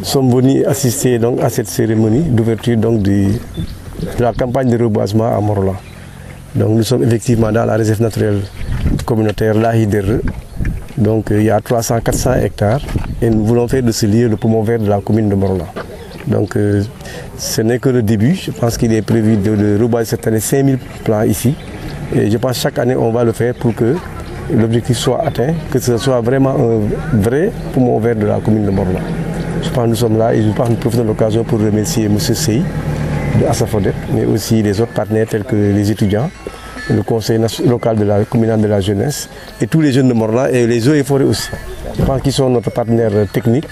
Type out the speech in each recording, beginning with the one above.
Nous sommes venus assister donc, à cette cérémonie d'ouverture de, la campagne de reboisement à Morla. Donc, nous sommes effectivement dans la réserve naturelle communautaire Lahidere. Donc euh, il y a 300-400 hectares et nous voulons faire de ce lieu le poumon vert de la commune de Morla. Donc euh, ce n'est que le début. Je pense qu'il est prévu de, reboiser cette année 5000 plants ici. Et je pense que chaque année on va le faire pour que l'objectif soit atteint, que ce soit vraiment un vrai poumon vert de la commune de Morla. Je pense que nous sommes là et je pense que nous profitons de l'occasion pour remercier M. Sey de Assafondet, mais aussi les autres partenaires tels que les étudiants, le conseil local de la communauté de la jeunesse et tous les jeunes de Morla et les eaux et forêts aussi. Je pense qu'ils sont notre partenaire technique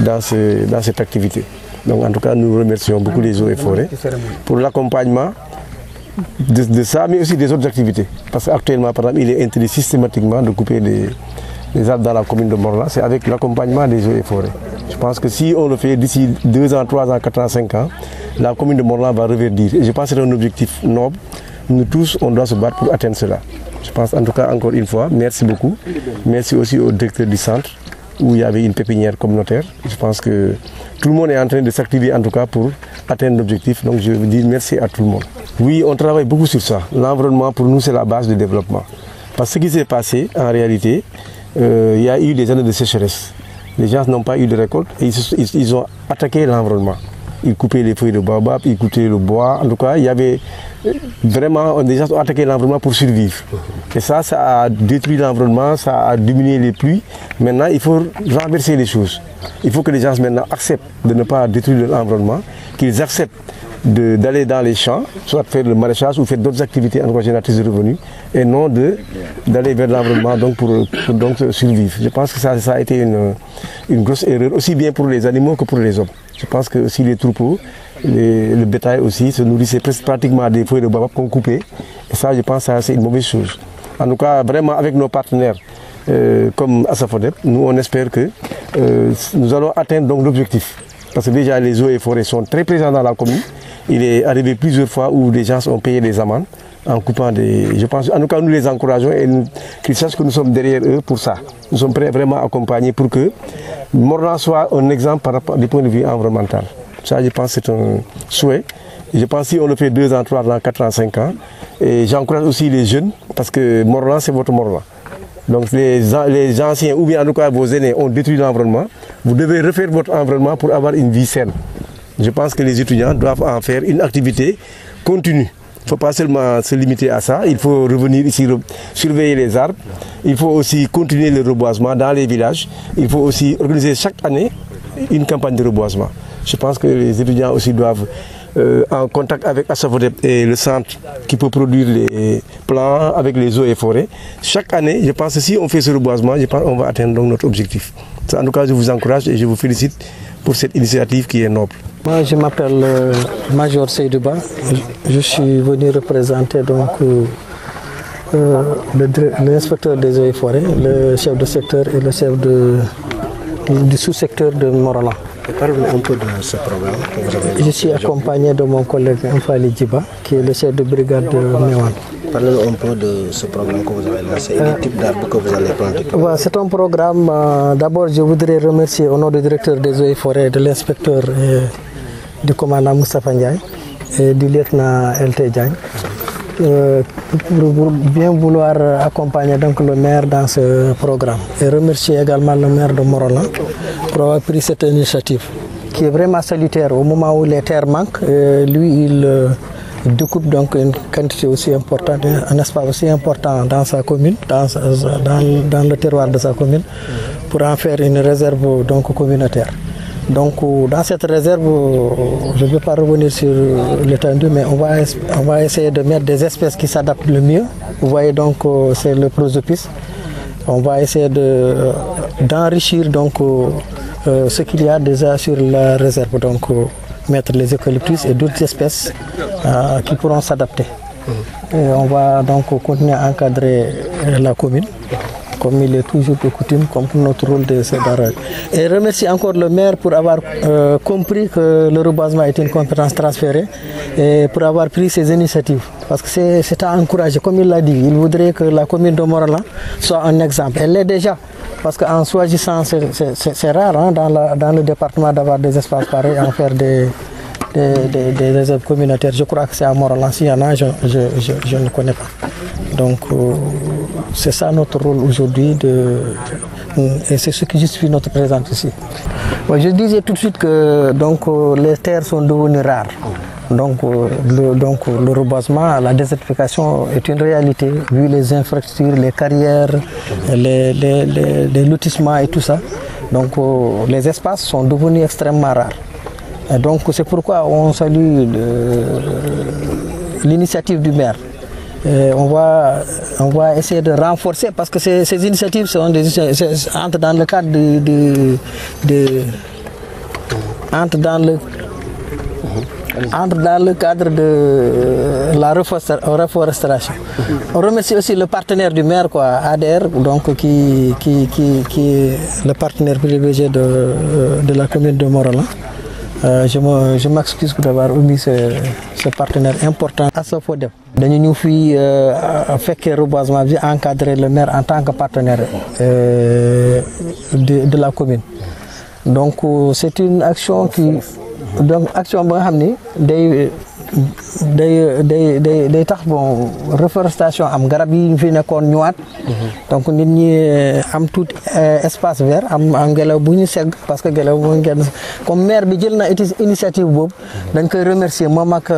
dans, cette activité. Donc en tout cas, nous remercions beaucoup les eaux et forêts pour l'accompagnement de, ça, mais aussi des autres activités. Parce qu'actuellement, par exemple, il est interdit systématiquement de couper les, les arbres dans la commune de Morla. C'est avec l'accompagnement des eaux et forêts. Je pense que si on le fait d'ici 2 ans, 3 ans, 4 ans, 5 ans, la commune de Morlan va reverdir. Et je pense que c'est un objectif noble. Nous tous, on doit se battre pour atteindre cela. Je pense en tout cas encore une fois, merci beaucoup. Merci aussi au directeur du centre où il y avait une pépinière communautaire. Je pense que tout le monde est en train de s'activer en tout cas pour atteindre l'objectif. Donc je veux dire merci à tout le monde. Oui, on travaille beaucoup sur ça. L'environnement pour nous c'est la base du développement. Parce que ce qui s'est passé en réalité, euh, il y a eu des années de sécheresse. Les gens n'ont pas eu de récolte et ils, ont attaqué l'environnement. Ils coupaient les feuilles de baobab, ils coupaient le bois. En tout cas, il y avait euh, vraiment, les gens ont attaqué l'environnement pour survivre. Et ça, ça a détruit l'environnement, ça a diminué les pluies. Maintenant, il faut renverser les choses. Il faut que les gens maintenant acceptent de ne pas détruire l'environnement, qu'ils acceptent d'aller dans les champs, soit faire le maraîchage ou faire d'autres activités en génératrices de revenus, et non d'aller vers l'environnement pour, donc survivre. Je pense que ça, a été une, grosse erreur, aussi bien pour les animaux que pour les hommes. Je pense que si les troupeaux, le bétail aussi, se nourrissaient pratiquement des feuilles de bambou qu'on coupait, et ça je pense que c'est une mauvaise chose. En tout cas, vraiment avec nos partenaires, euh, comme Asafodep, nous on espère que euh, nous allons atteindre l'objectif. Parce que déjà les eaux et forêts sont très présents dans la commune. Il est arrivé plusieurs fois où des gens ont payé des amendes en coupant des... Je pense, en tout cas, nous les encourageons et qu'ils sachent que nous sommes derrière eux pour ça. Nous sommes prêts vraiment à accompagner pour que Morlan soit un exemple par rapport, du point de vue environnemental. Ça, je pense, c'est un souhait. Je pense si on le fait deux ans, trois ans, quatre ans, cinq ans. Et j'encourage aussi les jeunes, parce que Morlan, c'est votre Morlan. Donc les, les anciens, ou bien en tout cas vos aînés, ont détruit l'environnement. Vous devez refaire votre environnement pour avoir une vie saine. Je pense que les étudiants doivent en faire une activité continue. Il ne faut pas seulement se limiter à ça, il faut revenir ici surveiller les arbres, il faut aussi continuer le reboisement dans les villages, il faut aussi organiser chaque année une campagne de reboisement. Je pense que les étudiants aussi doivent euh, en contact avec Assavodep et le centre qui peut produire les plans avec les eaux et forêts. Chaque année, je pense que si on fait ce reboisement, je pense va atteindre notre objectif. En tout cas, je vous encourage et je vous félicite pour cette initiative qui est noble. Moi, je m'appelle euh, Major Seydouba. Je, suis venu représenter donc euh, euh, l'inspecteur des eaux et forêts, le chef de secteur et le chef de, du sous-secteur de Parlez-nous un peu de ce programme Je suis accompagné de mon collègue Mfali Djiba, qui est le chef de brigade de Mewan. Parlez-nous un peu de ce programme que vous avez lancé et du type d'arbres que vous allez planter. c'est un programme, d'abord je voudrais remercier au nom du directeur des eaux et forêts, de l'inspecteur du commandant Moustapha Ndiaye et du lieutenant LT Ndiaye euh, pour bien vouloir accompagner donc le maire dans ce programme. Et remercier également le maire de Morona pour avoir pris cette initiative qui est vraiment solitaire Au moment où les terres manquent, lui, il euh, découpe donc une quantité aussi importante, un espace aussi important dans sa commune, dans, le terroir de sa commune, pour en faire une réserve donc communautaire. Donc euh, dans cette réserve, euh, je ne vais pas revenir sur l'étendue, mais on va, essayer de mettre des espèces qui s'adaptent le mieux. Vous voyez donc euh, c'est le prosopis. On va essayer d'enrichir ce qu'il y a déjà sur la réserve. Donc mettre les eucalyptus et d'autres espèces qui pourront s'adapter. Mmh. on va donc continuer à encadrer la commune comme il est toujours de coutume, comme pour notre rôle de ces Et remercie encore le maire pour avoir euh, compris que le reboisement est une compétence transférée et pour avoir pris ses initiatives. Parce que c'est à encourager, comme il l'a dit, il voudrait que la commune de Morala soit un exemple. Elle l'est déjà, parce qu'en soi-disant, c'est rare hein, dans, dans le département d'avoir des espaces pareils, en faire des, des, des, réserves communautaires. Je crois que c'est à Moralan, il y en a, hein, je, je, je, ne connais pas. Donc euh, c'est ça notre rôle aujourd'hui de, et c'est ce qui justifie notre présence ici. je disais tout de suite que donc, euh, les terres sont devenues rares. Donc, euh, le, donc le reboisement, la désertification est une réalité, vu les infrastructures, les carrières, les, lotissements et tout ça. Donc les espaces sont devenus extrêmement rares donc c'est pourquoi on salue l'initiative du maire. on, va, essayer de renforcer parce que ces, initiatives sont entrent dans le cadre de, entre dans le cadre de euh, la reforestation. On remercie aussi le partenaire du maire, quoi, ADR, donc, qui, est le partenaire privilégié de, euh, la commune de Morala. Euh, je m'excuse me, je omis ce, partenaire important à ce nous Nous avons fi que reboisement vient encadrer le maire en tant que partenaire euh, de, la commune donc euh, c'est une action qui donc action ba nga day day day day tax bon reforestation am garab yi ñu fi nekkoon ñëwaat. donc nit ñi eh, am tout eh, espace vert am am ngelaw bu ñu segg parce que ngelaw bu ñu genn comme maire bi jël na initiative boobu. dañ koy remercier moom ak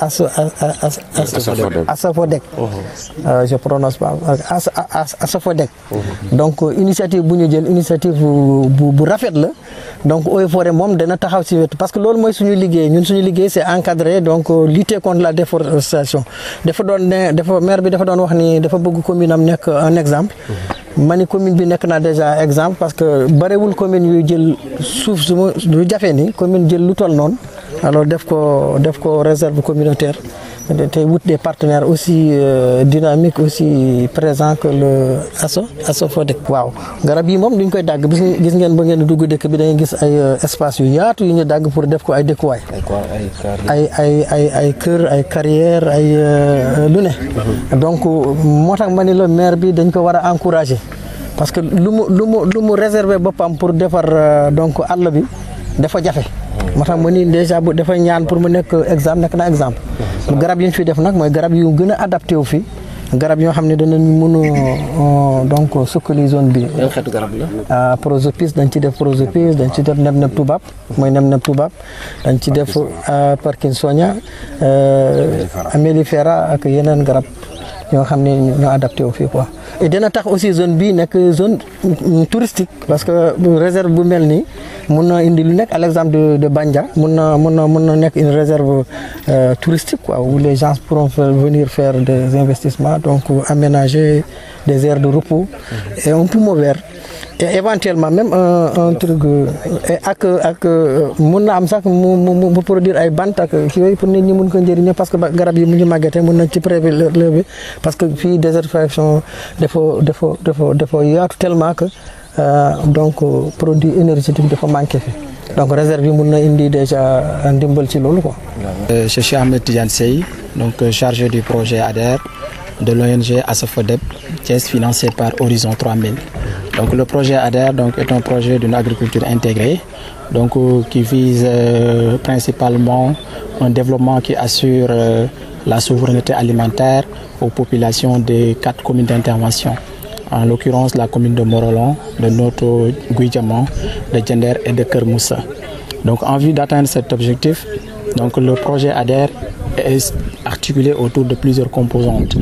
as as Asafodec je prononce pas as euh, as uh-huh. donc euh, initiative bu ñu jël initiative bu bu rafet la donc Eaux et Forêts moom dana taxaw si wetu parce que loolu mooy suñu liggéey ñun suñu liggéey c'est encadré donc euh, lutter contre la déforestation dafa don ne dafa maire bi dafa don wax ni dafa bëgg commune am un exemple mhm. Mani commune bi nek na déjà exemple parce que barewul commune yu jël souf su ma lu ni commune jël lu toll non alors def ko def ko réserve communautaire tey wut des partenaires aussi euh, dynamiques aussi présents que le asso asso Fodek waaw garab yi moom duñ koy dàgg bis gis ngeen ba ngeen dugg dëkk bi da ngeen gis ay euh, espace yu yaatu yu ñu dàgg pour def ko ay dëkkuwaay ay ay ay ay kër ay carrière ay euh, lu ne mhm. donc moo tax ma ni la maire bi dañ ko war encourager parce que lu mu lu mu lu réserver boppam pour defar donc àll bi dafa jafe mhm. moo tax ma ni déjà bu dafa ñaan pour mu nekk exemple nekk na exemple mhm. garab yi fi def nag mooy garab yu gën a adapté wu fi garab yoo xam ne danañ mën a euh, donc sukkali zone bi. yan xeetu ah, dañ ci def prosopis dañ ci def neb neb tubaab mooy neb neb tubaab dañ ci def ah, parkinsonia. amélifera euh, ak yeneen garab. ñoo xam ne ñoo adapté au fii quoi et dina tax aussi zone bi nekk zone touristique parce que réserve bu mel à l'exemple de de Bandia une réserve euh, touristique quoi où les gens pourront venir faire des investissements donc aménager des aires de repos et un poumon vert et éventuellement même un, un truc euh, ak ak euh, mun na am sax mu produire ay bant ak yooyu pour nit ñi mun ko njëriñoo parce que garab yi mu ñu màggatee mun nañ ci prélever parce que fi désertification defo defo defo defo yaatu tellement que euh, donc produit énergétique defo manquer fi donc réserve yi mun na indi déjà ndimbal ci lolu quoi. je suis Ahmed Tidiane Sey donc chargé du projet ADER de l'ONG ASAFODEP Thiès financé par Horizon 3000. Donc le projet ADER donc, est un projet d'une agriculture intégrée donc, euh, qui vise euh, principalement un développement qui assure euh, la souveraineté alimentaire aux populations des quatre communes d'intervention. En l'occurrence, la commune de Morolon, de Noto, Guidjamon, de Gender et de Kermoussa. Donc, en vue d'atteindre cet objectif, donc, le projet ADER est articulé autour de plusieurs composantes.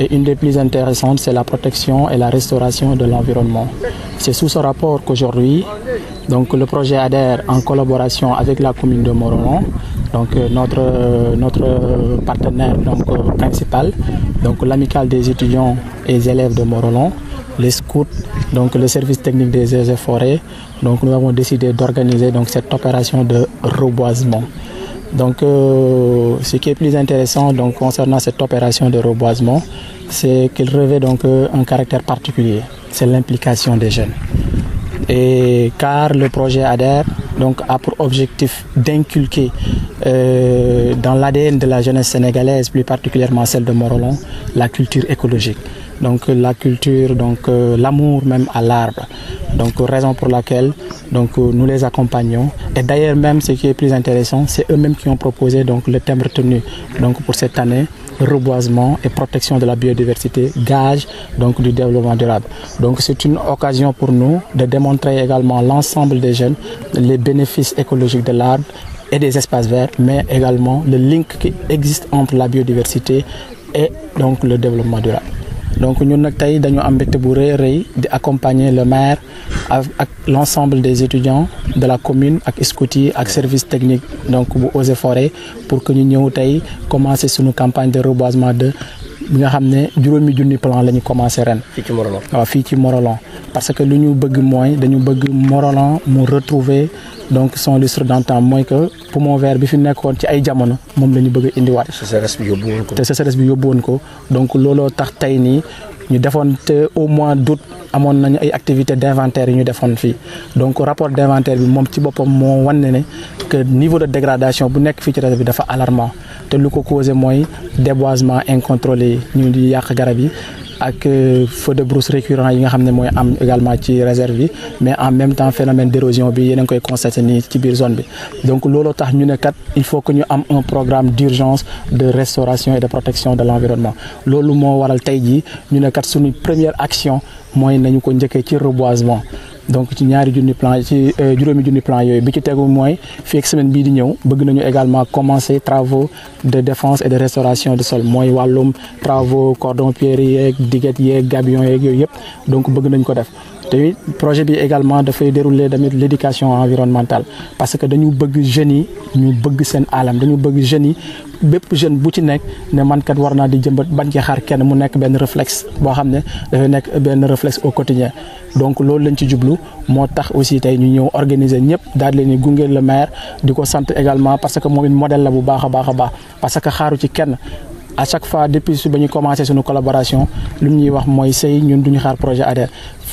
Et une des plus intéressantes, c'est la protection et la restauration de l'environnement. C'est sous ce rapport qu'aujourd'hui, donc le projet adhère en collaboration avec la commune de Morolan, donc euh, notre, euh, notre partenaire euh, principal, donc l'amicale des étudiants et élèves de Morolan, les scouts, donc le service technique des eaux et forêts. Donc nous avons décidé d'organiser donc cette opération de reboisement. Donc, euh, ce qui est plus intéressant concernant cette opération de reboisement, c'est qu'il revêt donc euh, un caractère particulier. C'est l'implication des jeunes. Et car le projet ADER donc, a pour objectif d'inculquer euh, dans l'ADN de la jeunesse sénégalaise, plus particulièrement celle de Morolon, la culture écologique donc euh, la culture, donc euh, l'amour même à l'arbre. Donc raison pour laquelle donc euh, nous les accompagnons. Et d'ailleurs même ce qui est plus intéressant, c'est eux-mêmes qui ont proposé donc le thème retenu donc pour cette année reboisement et protection de la biodiversité, gage donc du développement durable. Donc c'est une occasion pour nous de démontrer également l'ensemble des jeunes les bénéfices écologiques de l'arbre et des espaces verts, mais également le lien qui existe entre la biodiversité et donc le développement durable donc nous avons tey dañu le maire avec l'ensemble des étudiants de la commune avec scouti ak service technique donc aux Forêts pour que nous ñëw sur commencer campagne de reboisement de bi nga xam ne juróomi junni plan la ñu commencé ren. fii ci Morolan waaw fii ci Morolan parce que lu ñu bëgg mooy dañu bëgg Morolan mu retrouver donc son lustre d'antan mooy que poumon vert bi fi nekkoon ci ay jamono moom la ñu bëgg a indiwaat. te sécheresse bi yóbbu woon ko donc looloo tax tey nii ñu defoon te au mois d'août amoon nañ ay activités d'inventaire ñu defoon fi donc rapport d'inventaire bi mom ci bopam mo wane né que niveau de dégradation bu nek fi ci réseau bi dafa alarmant té lu ko causé moy déboisement incontrôlé ñu di yak garab yi ak euh, feux de brousse récurrent yi nga également ci mais en même temps phénomène d'érosion bi constaté ni ci biir zone donc tax ñu il faut que nous ayons un programme d'urgence de restauration et de protection de l'environnement lolu mo waral tay ji ñu ne kat suñu première action nous nañu ko ñëkke ci reboisement donc ci ñaari junni plan ci euh, juroomi junni plan yoy bi ci tegu moy fii ak semaine bi di ñew bëgg nañu également commencer travaux de défense et de restauration du sol moy wàllum travaux cordon pierre yeeg diguette yeeg gabion et yoy yépp donc bëgg nañ ko def te projet bi également faire dérouler l'éducation environnementale parce que dañu bëgg jeunes yi ñu bëgg seen alam dañu bëgg jeunes yi bépp jeune bu ci nek ne man kat warna di jëmbat bañ ci xaar kenn mu nek ben réflexe bo xam ne dafay nekk benn réflexe au quotidien donc loolu lañ ci jublu moo tax aussi tey ñu ñëw organiser ñëpp daal di leen di gunge le maire di ko sant également parce que moom modèle la bu baax a baax a baax parce que xaaru ci kenn. à chaque fois depuis su bañu commencé suñu collaboration lu ñuy wax mooy sëy ñun duñu xaar projet ADER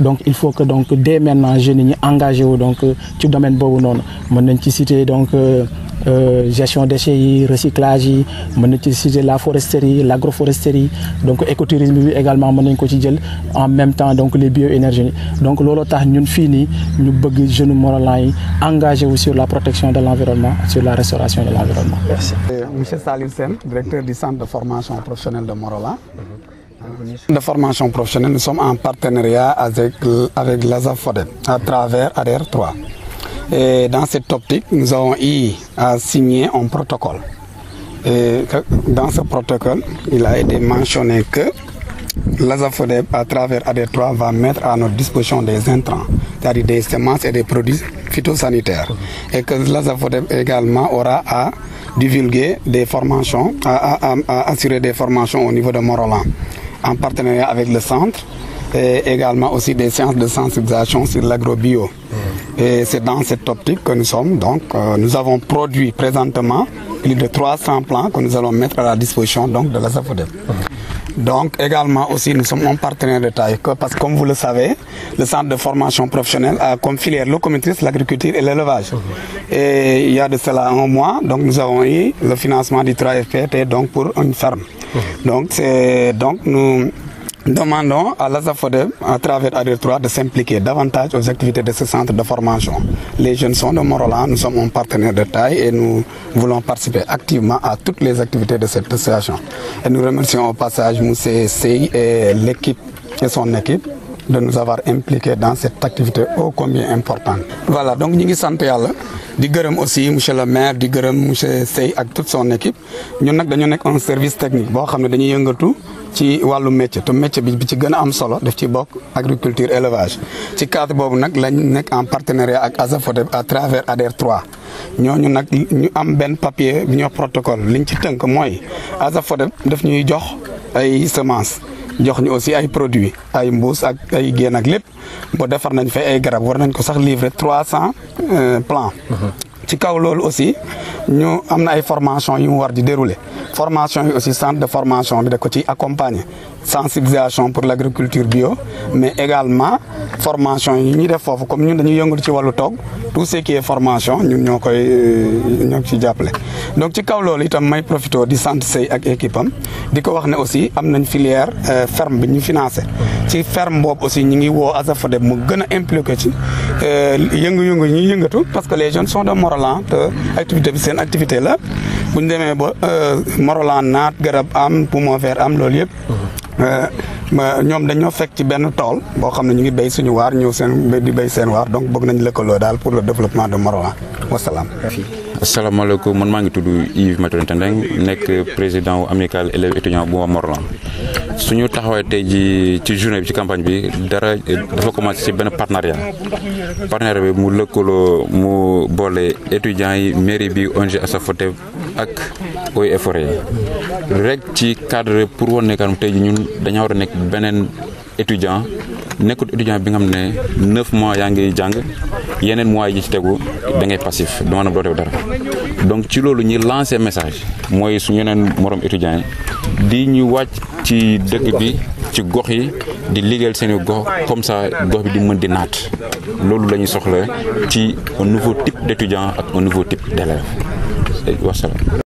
donc il faut que donc dès maintenant jeunes engagent engagé donc tu domaine monéticité non mën donc euh, euh, gestion déchets recyclage la foresterie l'agroforesterie donc écotourisme également quotidien en même temps donc les bioénergies donc lolo tax ñun fini ñu bëgg jeunes Morolan sur la protection de l'environnement sur la restauration de l'environnement. Merci. Euh, monsieur Salim Sen, directeur du centre de formation professionnelle de Morola de formation professionnelle, nous sommes en partenariat avec, avec à travers ADR3. Et dans cette optique, nous avons eu à signer un protocole. dans ce protocole, il a été mentionné que l'ASAFODEB, à travers adr 3 va mettre à notre disposition des intrants, c'est-à-dire des semences et des produits phytosanitaires. Et que l'ASAFODEB également aura à divulguer des formations, à, assurer des formations au niveau de Morolan en partenariat avec le centre et également aussi des sciences de sensibilisation sur l'agrobio. Et c'est dans cette optique que nous sommes. Donc, euh, nous avons produit présentement plus de 300 plans que nous allons mettre à la disposition donc, de la SAFODEP. Donc également aussi nous sommes un partenaire de taille parce que comme vous le savez, le centre de formation professionnelle a comme filière locomotrice l'agriculture et l'élevage. Et il y a de cela un mois, donc nous avons eu le financement du 3FPT donc pour une ferme. Mmh. Donc c'est donc nous Demandons à l'Azafode à travers ad 3 de s'impliquer davantage aux activités de ce centre de formation. Les jeunes sont de Morolan, nous sommes un partenaire de taille et nous voulons participer activement à toutes les activités de cette association. Et nous remercions au passage M. Sey et l'équipe et son équipe de nous avoir impliqués dans cette activité ô combien importante. Voilà, donc nous sommes di aussi monsieur le maire M. Sey et toute son équipe Nous avons un service technique nous tout ci walu métier te métier bi bi ci gëna am solo daf ci bok agriculture élevage ci cadre bobu nak lañ nek en partenariat ak ASAFODEB à travers ADER 3 ñoñu nak ñu am ben papier bi ñoo protocole liñ ci tënk moy ASAFODEB daf ñuy jox ay semences jox ñu aussi ay produits ay mbuus ak ay génn ak lépp bo défar nañ fa ay garab war nañ ko sax livrer 300 cent euh, plants. Mhm ci kaw loolu aussi nous avons une formation yu mu war dérouler formation est aussi centre de formation de côté, ko sensibilisation pour l'agriculture bio mais également formation yi ñuy def foofu comme ñun dañuy yëngatu ci wàllu tout ce qui est formation ñun ñoo koy euh, ñoo ngi donc ci kaw itam may profité di santé Seye ak équipe am wax aussi am nañ filière euh, ferme bi ñu financé ci ferme bob aussi ñi ngi woo ASAFODEB mu gëna a impliqué ci euh, yëngu-yëngu ñi yëngatu parce que les jeunes sont de Morolan te activité bi seen activité la. bu ñu demee ba euh, Morolan naat garab am Poumonvert am loolu yëpp. Euh, ñoom dañoo fekk ci benn tool boo xam ne ñu ngi béy suñu waar ñëw seen di béy seen waar donc bëgg nañu lëkkaloo daal pour le développement de Morolan wasalaam. asalaamaaleykum man maa ngi tudd Yves Mathieu Tendeng nekk président wu amical élèves étudiants bu Morolan suñu taxawee tey ji ci journée bi ci campagne bi dara dafa commencé ci benn partenariat partenariat bi mu lëkkaloo mu boole étudiants yi mairie bi ONG Asafotef ak eaux et rek ci cadre pour woné ne tay ñun dañu war nek benen étudiant nekkul étudiant bi nga xamné ne neuf mois ya ngi jàng yenen mois yi ci tegu da ngay passif do man do def dara donc ci lolu ñi lancer message moy su yeneen morom étudiant. di ñu wacc ci dëkk bi ci gox yi di liggéeyal seen gox comme ça gox bi di mën di naat loolu la ñuy soxla ci un nouveau type d' étudiant ak un nouveau type d' élève el